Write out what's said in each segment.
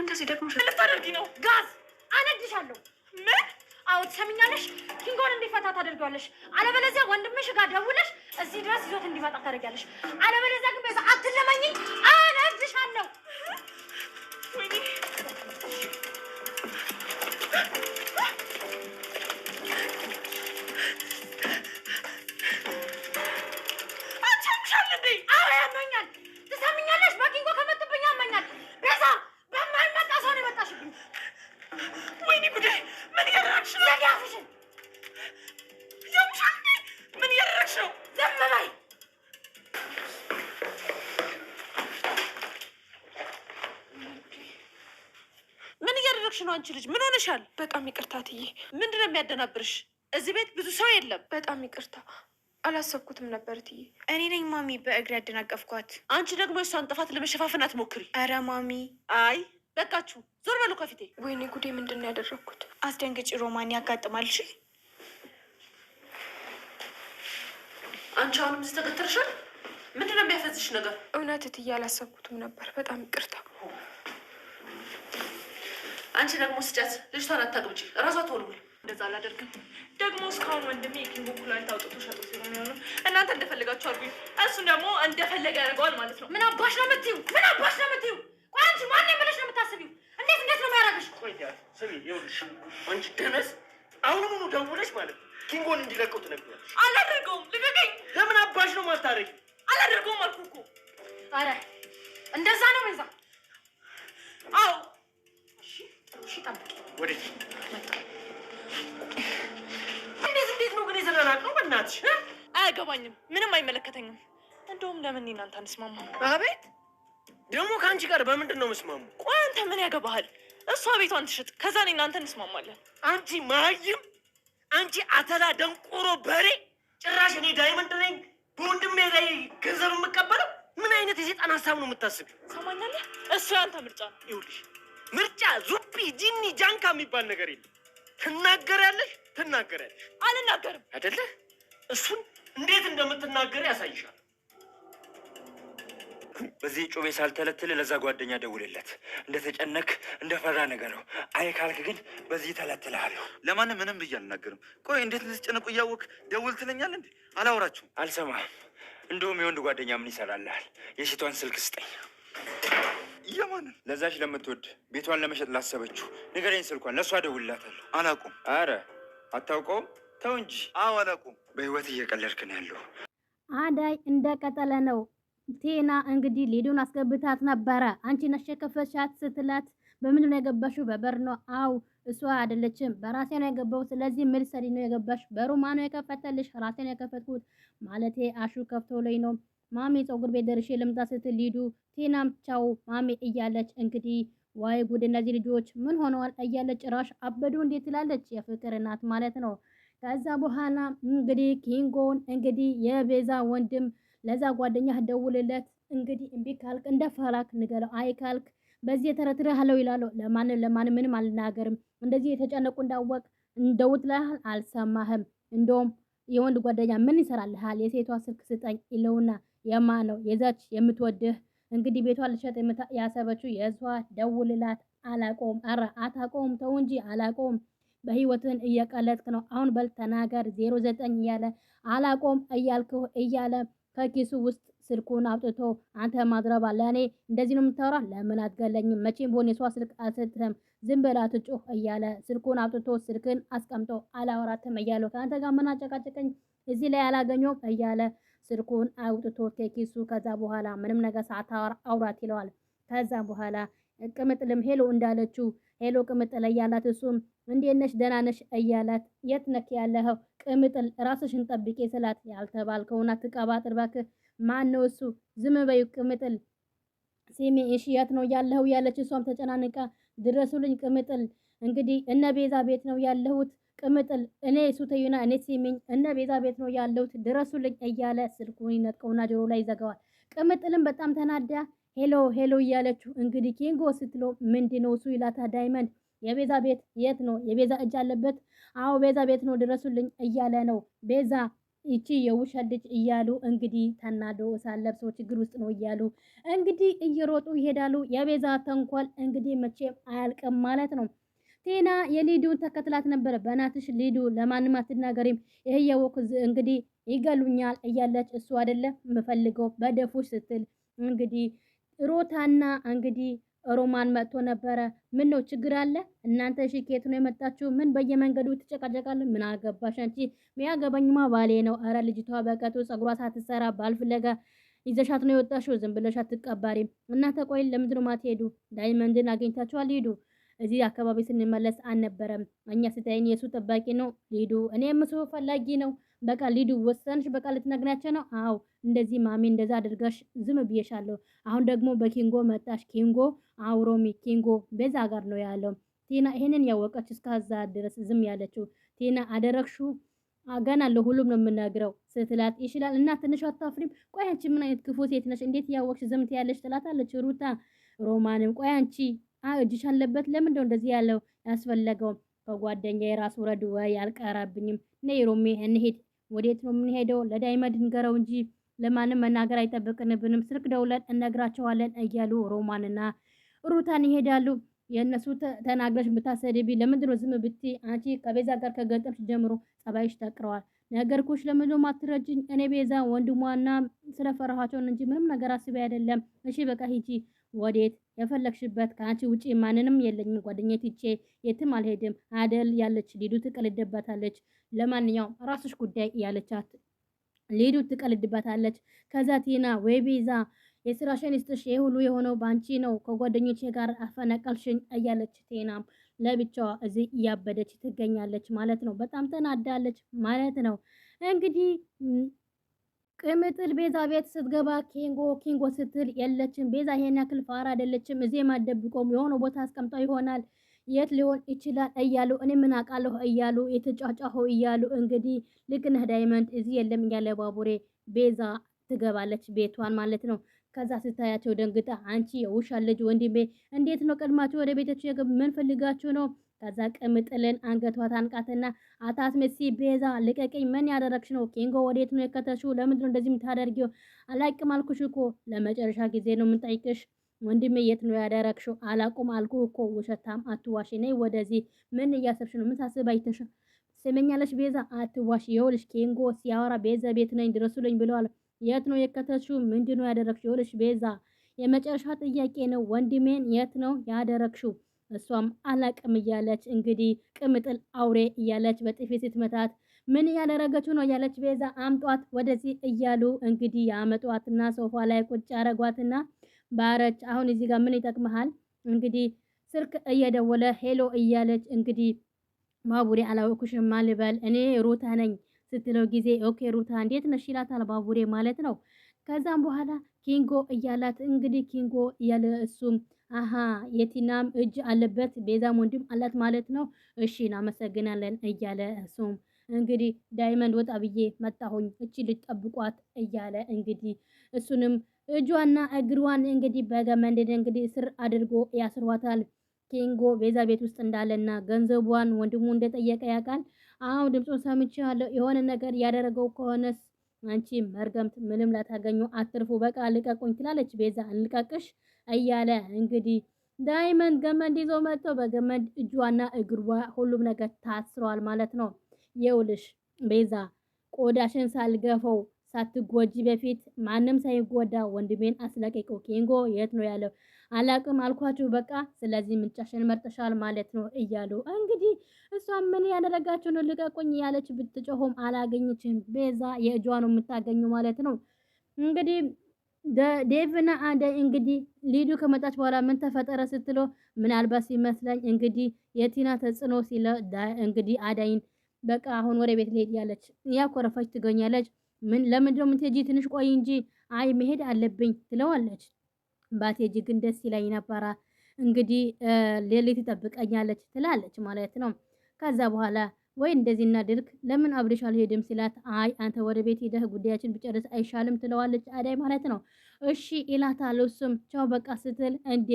እንደዚህ ደግሞ ልታደርጊ ነው? ጋዝ አነድሻለሁ። ምን? አዎ ትሰሚኛለሽ? ኪንጎን እንዲፈታ ታደርጊዋለሽ። አለበለዚያ ወንድምሽ ጋር ደውለሽ እዚህ ድረስ ይዞት እንዲመጣ ታደርጊያለሽ። አለበለዚያ ግን በዛ አትለመኝም፣ አነድሻለሁ ነው አንቺ ልጅ? ምን ሆነሻል? በጣም ይቅርታ ትዬ ምንድን ነው የሚያደናብርሽ? እዚህ ቤት ብዙ ሰው የለም። በጣም ይቅርታ አላሰብኩትም ነበር እትዬ። እኔ ነኝ ማሚ በእግር ያደናቀፍኳት። አንቺ ደግሞ የእሷን ጥፋት ለመሸፋፈን አትሞክሪ። ኧረ ማሚ አይ በቃችሁ፣ ዞር በሉ ከፊቴ። ወይኔ ጉዴ፣ ምንድን ነው ያደረግኩት? አስደንግጭ ሮማን፣ ያጋጥማል። እሺ አንቺ አሁንም ተገትርሻል። ምንድን ነው የሚያፈዝሽ ነገር? እውነት እትዬ አላሰብኩትም ነበር። በጣም ይቅርታ አንቺ ደግሞ ስጫት ልጅቷን አታግብጪ፣ እራሷ ትወልውል። እንደዛ አላደርግም። ደግሞ እስካሁን ወንድሜ የኪንጎ ኩላሊት አውጥቶ ሸጦ ሲሆን የሆነው እናንተ እንደፈለጋችሁ አድርጉኝ፣ እሱን ደግሞ እንደፈለገ ያደርገዋል ማለት ነው። ምን አባሽ ነው የምትይው? ምን አባሽ ነው የምትይው? ቆይ አንቺ ማን ብለሽ ነው የምታስቢው? እንዴት እንዴት ነው የሚያደርግሽ? ቆይ ስሚ፣ ይኸውልሽ አንቺ ደነስ፣ አሁን ሆኖ ደውለሽ ማለት ነው ኪንጎን እንዲለቀው ትነግሪያለሽ። አላደርገውም። ልቀቀኝ። ለምን አባሽ ነው የማታደርጊው? አላደርገውም አልኩህ እኮ። ኧረ እንደዛ ነው ዛ ወደዚህ እንዴት እንዴት ነው ግን የዘናናቅነው? በእናትሽ አያገባኝም፣ ምንም አይመለከተኝም። እንደውም ለምን እናንተ አንስማማ? አቤት ደግሞ ከአንቺ ጋር በምንድን ነው የምስማሙ? ቆይ አንተ ምን ያገባሃል? እሷ ቤቷን ትሽጥ፣ ከዛ እኔ እናንተ እንስማማለን። አንቺ ማይም፣ አንቺ አተላ ደንቆሮ በሬ! ጭራሽ እኔ ዳይመንድ ነኝ በወንድሜ ላይ ገንዘብ የምቀበለው? ምን አይነት የሴጣን ሀሳብ ነው የምታስብ? ሰማኛለህ፣ እሱ ያንተ ምርጫ ነው። ይኸውልሽ ምርጫ፣ ዙፒ፣ ጂኒ፣ ጃንካ የሚባል ነገር የለም። ትናገሪያለሽ፣ ትናገሪያለሽ። አልናገርም አይደለ? እሱን እንዴት እንደምትናገር ያሳይሻል። በዚህ ጩቤ ሳልተለትል ለዛ ጓደኛ ደውልለት። እንደተጨነክ እንደፈራ ነገር ነው። አይ ካልክ ግን በዚህ ተለትልሃለሁ። ለማንም ምንም ብዬ አልናገርም። ቆይ እንዴት እንደተጨነቁ እያወቅ ደውል ትለኛል እንዴ? አላወራችሁም? አልሰማም። እንደውም የወንድ ጓደኛ ምን ይሰራልሃል? የሴቷን ስልክ ስጠኝ። የማንን? ለዛች ለምትወድ ቤቷን ለመሸጥ ላሰበችው ንገረኝ። ስልኳን ለእሷ ደውላታል አላቁም አረ አታውቀውም? ተው እንጂ። አዎ አላቁም በህይወት እየቀለድክ ነው ያለው። አዳይ እንደቀጠለ ነው። ቴና እንግዲህ ሌዶን አስገብታት ነበረ። አንቺ ነሽ የከፈትሻት ስትላት በምንድን ነው የገባሽው? በበር ነው። አው እሷ አይደለችም፣ በራሴ ነው የገባው። ስለዚህ ምልሰሪ ነው የገባሽ። በሩማ ነው የከፈተልሽ። ራሴ ነው የከፈትኩት ማለቴ አሹ ከፍቶ ላይ ነው ማሜ ፀጉር ቤት ደርሼ ልምጣ ስትል ሊዱ ቴናም ቻው ማሜ እያለች እንግዲህ ዋይ ጉድ እነዚህ ልጆች ምን ሆነዋል እያለች ጭራሽ አበዱ እንዴት ትላለች የፍቅር እናት ማለት ነው። ከዛ በኋላ እንግዲህ ኪንጎን እንግዲህ የቤዛ ወንድም ለዛ ጓደኛ ደውልለት እንግዲህ እምቢ ካልክ እንደ ፈራክ ንገረው፣ አይ ካልክ በዚህ ተረትሬሃለሁ ይላለሁ። ለማንም ለማንም ምንም አልናገርም እንደዚህ የተጨነቁ እንዳወቅ እንደውት እንደውትልሃል አልሰማህም። እንደውም የወንድ ጓደኛ ምን ይሰራልሃል? የሴቷ ስልክ ስጠኝ ይለውና የማነው የዛች የምትወድህ እንግዲህ ቤቷ ልሸጥ ያሰበችው የእሷ ደውልላት። አላቆም አረ አታቆም፣ ተው እንጂ አላቆም። በህይወትን እየቀለጥክ ነው። አሁን በል ተናገር፣ ዜሮ ዘጠኝ እያለ አላቆም እያልክሁ እያለ ከኪሱ ውስጥ ስልኩን አውጥቶ አንተ ማዝረባ ለእኔ እንደዚህ ነው የምታወራ? ለምን አትገለኝም? መቼም ቢሆን የሷ ስልክ አልሰጥህም፣ ዝም በላ ትጮህ እያለ ስልኩን አውጥቶ ስልክን አስቀምጦ አላወራትም እያለው ከአንተ ጋር ምን አጨቃጨቀኝ እዚህ ላይ አላገኘውም እያለ ስልኩን አውጥቶ ከኪሱ ከዛ በኋላ ምንም ነገር ሰዓት አውራት ይለዋል። ከዛ በኋላ ቅምጥልም ሄሎ እንዳለችው ሄሎ ቅምጥል እያላት እሱም እንዴት ነሽ ደህና ነሽ እያላት የት ነክ ያለኸው ቅምጥል ራስሽን ጠብቄ ስላት ያልተባልከውን ትቀባጥር እባክህ ማን ነው እሱ ዝም በይ ቅምጥል ሲሜ እሺ የት ነው ያለኸው ያለች እሷም ተጨናንቃ ድረሱልኝ ቅምጥል እንግዲህ እነ ቤዛ ቤት ነው ያለሁት ቅምጥል እኔ እሱ ተዩና እኔ ሲሚኝ እነ ቤዛ ቤት ነው ያለሁት ድረሱልኝ እያለ ስልኩን ይነጥቀውና ጆሮ ላይ ይዘጋዋል። ቅምጥልም በጣም ተናዳ ሄሎ ሄሎ እያለችው እንግዲህ ኪንጎ ስትሎ ምንድን ነው እሱ ይላታ ዳይመንድ የቤዛ ቤት የት ነው? የቤዛ እጅ አለበት? አዎ ቤዛ ቤት ነው ድረሱልኝ እያለ ነው። ቤዛ ይቺ የውሻ ልጅ እያሉ እንግዲህ ተናዶ ሳለብሶ ችግር ውስጥ ነው እያሉ እንግዲህ እየሮጡ ይሄዳሉ። የቤዛ ተንኮል እንግዲህ መቼም አያልቅም ማለት ነው። ቴና የሊዱን ተከትላት ነበረ። በናትሽ ሊዱ ለማንም አትናገሪም፣ ይህ የወቅ እንግዲህ ይገሉኛል እያለች እሱ አይደለም የምፈልገው በደፉሽ ስትል እንግዲህ ሮታና እንግዲህ ሮማን መጥቶ ነበረ። ምን ነው ችግር አለ እናንተ? እሺ ከየት ነው የመጣችሁ? ምን በየመንገዱ ትጨቃጨቃለ? ምን አገባሽ አንቺ? የሚያገባኝማ ባሌ ነው። አረ ልጅቷ በቀጡ ጸጉሯ ሳትሰራ ባልፍለጋ ይዘሻት ነው የወጣሽው። ዝም ብለሽ አትቀባሪም። እናንተ ቆይ ለምንድን ነው ማትሄዱ? ዳይመንድን አግኝታችኋል? ሂዱ እዚህ አካባቢ ስንመለስ አልነበረም። እኛ ስታይን የእሱ ጠባቂ ነው ሊዱ፣ እኔም እሱ ፈላጊ ነው። በቃ ሊዱ ወሰንሽ፣ በቃ ልትነግናቸው ነው? አዎ እንደዚህ ማሚ፣ እንደዛ አድርጋሽ ዝም ብዬሻለሁ። አሁን ደግሞ በኪንጎ መጣሽ። ኪንጎ አውሮሚ፣ ኪንጎ ቤዛ ጋር ነው ያለው። ቲና ይሄንን ያወቀች እስከዛ ድረስ ዝም ያለችው ቲና አደረግሹ ገና ለሁሉም ነው የምናግረው ስትላት ይችላል እና ትንሽ አታፍሪም? ቆይ አንቺ ምን አይነት ክፉ ሴት ነሽ? እንዴት ያወቅሽ ዝም ትያለሽ? ትላታለች ሩታ ሮማንም ቆይ አንቺ እጅሽ አለበት። ለምን እንደው እንደዚህ ያለው ያስፈለገውም ከጓደኛ የራስ ወረድ ወይ አልቀረብኝም። ነይ ሮሜ እንሄድ። ወዴት ነው የምንሄደው? ለዳይመድ ንገረው እንጂ ለማንም መናገር አይጠብቅንብንም። ስልክ ደውለን እነግራቸዋለን እያሉ ሮማንና ሩታን ይሄዳሉ። የእነሱ ተናግረሽ ብታሰደቢ ለምንድን ነው ዝም ብትይ? አንቺ ከቤዛ ጋር ከገጠምሽ ጀምሮ ጸባይሽ ተቅረዋል። ነገርኩሽ፣ ለምን ነው ማትረጅኝ? እኔ ቤዛ ወንድሟና ስለፈራኋቸውን እንጂ ምንም ነገር አስቤ አይደለም። እሺ በቃ ሂጂ። ወዴት የፈለግሽበት ከአንቺ ውጪ ማንንም የለኝም፣ ጓደኛዬ ትቼ የትም አልሄድም አደል ያለች ሊዱ ትቀልድበታለች። ለማንኛውም ራስሽ ጉዳይ ያለቻት ሊዱ ትቀልድባታለች ከዛ ቲና ወይ ቤዛ የስራሽን ይስጥሽ፣ ይህ ሁሉ የሆነው ባንቺ ነው፣ ከጓደኞቼ ጋር አፈነቀልሽኝ እያለች ቲናም ለብቻዋ እዚህ እያበደች ትገኛለች ማለት ነው። በጣም ተናዳለች ማለት ነው እንግዲህ ቅምጥል ቤዛ ቤት ስትገባ ኪንጎ ኪንጎ ስትል የለችም። ቤዛ ይሄን ያክል ፋራ አይደለችም። እዚህ ማደብቆም የሆነ ቦታ አስቀምጠው ይሆናል የት ሊሆን ይችላል እያሉ እኔ ምን አውቃለሁ እያሉ የተጫጫሁ እያሉ እንግዲህ ልክ ነህ ዳይመንድ እዚህ የለም እያለ ባቡሬ ቤዛ ትገባለች ቤቷን ማለት ነው። ከዛ ስታያቸው ደንግጣ አንቺ የውሻ ልጅ ወንድሜ እንዴት ነው ቀድማችሁ ወደ ቤታችሁ የገብ ምን ፈልጋችሁ ነው ከዛ ቅምጥልን አንገቷ ታንቃትና አታስመሲ ቤዛ ልቀቀኝ ምን ያደረግሽ ነው ኪንጎ ወዴት ነው የከተሽው ለምንድን እንደዚህ የምታደርጊው አላቅም አልኩሽ እኮ ለመጨረሻ ጊዜ ነው የምንጠይቅሽ ወንድሜ የት ነው ያደረግሽው አላቁም አልኩህ እኮ ውሸታም አትዋሽ ነይ ወደዚህ ምን እያሰብሽ ነው ምን ሳስብ አይተሽ ስመኛለሽ ቤዛ አትዋሽ ይኸውልሽ ኪንጎ ሲያወራ ቤዛ ቤት ነኝ ድረሱልኝ ብለዋል የት ነው የከተሽው ምንድነው ነው ያደረግሽው ይኸውልሽ ቤዛ የመጨረሻ ጥያቄ ነው ወንድሜን የት ነው ያደረግሽው እሷም አላቅም እያለች እንግዲህ ቅምጥል አውሬ እያለች በጥፊ ስትመታት ምን እያደረገችው ነው እያለች ቤዛ አምጧት ወደዚህ እያሉ እንግዲህ ያመጧትና ሶፋ ላይ ቁጭ ያረጓትና ባረች አሁን እዚህ ጋር ምን ይጠቅመሃል እንግዲህ ስልክ እየደወለ ሄሎ እያለች እንግዲህ ባቡሬ አላወኩሽም ማልበል እኔ ሩታ ነኝ ስትለው ጊዜ ኦኬ ሩታ እንዴት ነሽ ይላታል ባቡሬ ማለት ነው። ከዛም በኋላ ኪንጎ እያላት እንግዲህ ኪንጎ እያለ እሱም አሀ የቲናም እጅ አለበት ቤዛም ወንድም አላት ማለት ነው። እሺ እናመሰግናለን እያለ እሱም እንግዲህ ዳይመንድ ወጣ ብዬ መጣሁኝ እቺ ልጅ ጠብቋት እያለ እንግዲህ እሱንም እጇና እግሯን እንግዲህ በገመንድ እንግዲህ እስር አድርጎ ያስሯታል። ኪንጎ ቤዛ ቤት ውስጥ እንዳለና ገንዘቧን ወንድሙ እንደጠየቀ ያውቃል። አሁን ድምፁን ሰምቻለሁ። የሆነ ነገር ያደረገው ከሆነስ አንቺ መርገምት ምንም ላታገኙ አትርፉ፣ በቃ ልቀቁኝ ትላለች ቤዛ። እንልቀቅሽ እያለ እንግዲህ ዳይመንድ ገመድ ይዞ መጥቶ በገመድ እጇና እግሯ ሁሉም ነገር ታስሯል ማለት ነው። የውልሽ ቤዛ ቆዳሽን ሳልገፈው ሳትጎጂ በፊት ማንም ሳይጎዳ ወንድሜን አስለቀቀው። ኬንጎ የት ነው ያለው? አላቅም አልኳችሁ በቃ። ስለዚህ ምንጫሽን መርጠሻል ማለት ነው እያሉ እንግዲህ እሷ ምን ያደረጋችሁ ነው ልቀቁኝ ያለች ብትጮሆም አላገኘችም። ቤዛ የእጇ ነው የምታገኘው ማለት ነው እንግዲህ ዴቭና አደይ እንግዲህ ሊዱ ከመጣች በኋላ ምን ተፈጠረ ስትሎ ምናልባት ሲመስለኝ እንግዲህ የቲና ተጽዕኖ ሲለ እንግዲህ አደይን በቃ አሁን ወደ ቤት ልሄድ ያለች ያኮረፈች ትገኛለች። ምን ለምንድነው የምትሄጂ? ትንሽ ቆይ እንጂ አይ መሄድ አለብኝ ትለዋለች። ባትሄጂ ግን ደስ ይለኝ ነበረ እንግዲህ ሌሊት ትጠብቀኛለች ትላለች ማለት ነው። ከዛ በኋላ ወይ እንደዚህ እናድርግ፣ ለምን አብርሽ አልሄድም ሲላት፣ አይ አንተ ወደ ቤት ሄደህ ጉዳያችን ብጨርስ አይሻልም ትለዋለች፣ አዳይ ማለት ነው። እሺ ይላታል። እሱም ቻው በቃ ስትል እንዴ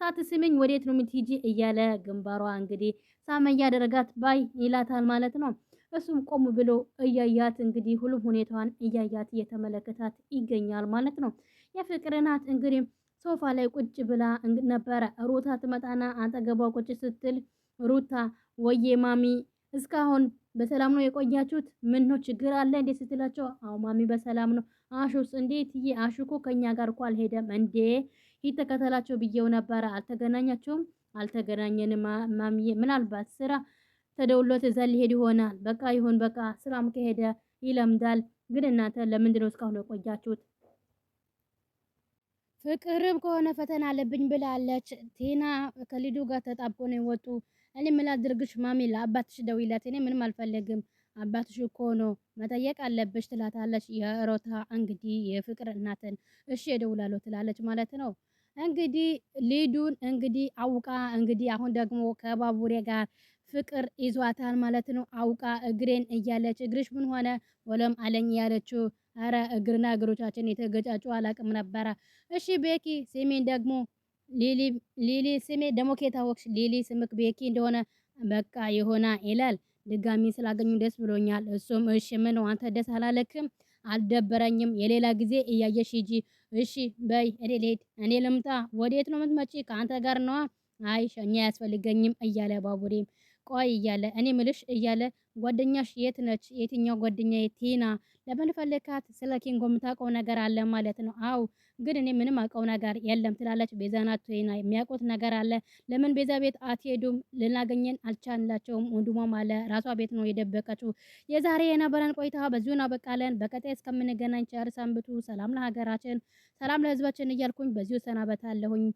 ሳትስምኝ ወዴት ነው የምትሄጂ እያለ ግንባሯ እንግዲህ ሳመ እያደረጋት ባይ ይላታል ማለት ነው። እሱም ቆም ብሎ እያያት እንግዲህ ሁሉም ሁኔታዋን እያያት እየተመለከታት ይገኛል ማለት ነው። የፍቅር ናት እንግዲህ ሶፋ ላይ ቁጭ ብላ ነበረ። ሩታ ትመጣና አጠገቧ ቁጭ ስትል ሩታ ወዬ ማሚ እስካሁን በሰላም ነው የቆያችሁት? ምን ነው ችግር አለ እንዴ ስትላቸው፣ አዎ ማሚ በሰላም ነው። አሹስ እንዴት? ይ አሹኮ ከኛ ጋር እኮ አልሄደም እንዴ ሂድ ተከተላቸው ብዬው ነበረ። አልተገናኛቸውም? አልተገናኘንም ማሚዬ፣ ምናልባት ስራ ተደውሎት እዛ ሊሄድ ይሆናል። በቃ ይሁን በቃ ስራም ከሄደ ይለምዳል። ግን እናንተ ለምንድን ነው እስካሁን የቆያችሁት? ፍቅርም ከሆነ ፈተና አለብኝ ብላለች ቴና ከሊዱ ጋር ተጣብቆ ነው የወጡ እኔ ምን አድርግሽ ማሚ፣ ለአባትሽ ደውይላት፣ እኔ ምንም አልፈልግም፣ አባትሽ እኮ ነው መጠየቅ አለብሽ ትላታለች። የሮታ እንግዲህ የፍቅር እናትን እሺ እደውላለሁ ትላለች ማለት ነው። እንግዲህ ሊዱን እንግዲህ አውቃ እንግዲህ አሁን ደግሞ ከባቡሬ ጋር ፍቅር ይዟታል ማለት ነው። አውቃ እግሬን እያለች እግርሽ ምን ሆነ ወለም አለኝ ያለችው አረ እግርና እግሮቻችን የተገጫጩ አላቅም ነበረ። እሺ ቤኪ ስሚን ደግሞ ሊሊ ስሜ ደግሞ ከታወቅሽ ሊሊ ስምክ ቤኪ እንደሆነ በቃ ይሆና ይላል። ድጋሚ ስላገኙ ደስ ብሎኛል። እሱም እሺ ምን ነው አንተ ደስ አላለክም? አልደበረኝም። የሌላ ጊዜ እያየሽ ሂጂ። እሺ በይ እኔ ልሄድ። እኔ ልምጣ። ወዴት ነው የምትመጪ? ከአንተ ጋር ነዋ። አይ ሸኛ አያስፈልገኝም እያለ ባቡሬም ቆይ እያለ እኔ ምልሽ እያለ ጓደኛሽ የት ነች? የትኛው ጓደኛ? ቲና ለምን ፈለካት? ስለ ኪንጎ የምታውቀው ነገር አለ ማለት ነው? አው ግን እኔ ምንም አውቀው ነገር የለም ትላለች ቤዛ። ናት ቲና የሚያውቁት ነገር አለ። ለምን ቤዛ ቤት አትሄዱም? ልናገኘን አልቻላቸውም። ወንድሟም አለ ራሷ ቤት ነው የደበቀችው። የዛሬ የነበረን ቆይታ በዚሁ እናበቃለን። በቀጣይ እስከምንገናኝ ቸር ሰንብቱ። ሰላም ለሀገራችን፣ ሰላም ለህዝባችን እያልኩኝ በዚሁ ሰናበታለሁኝ።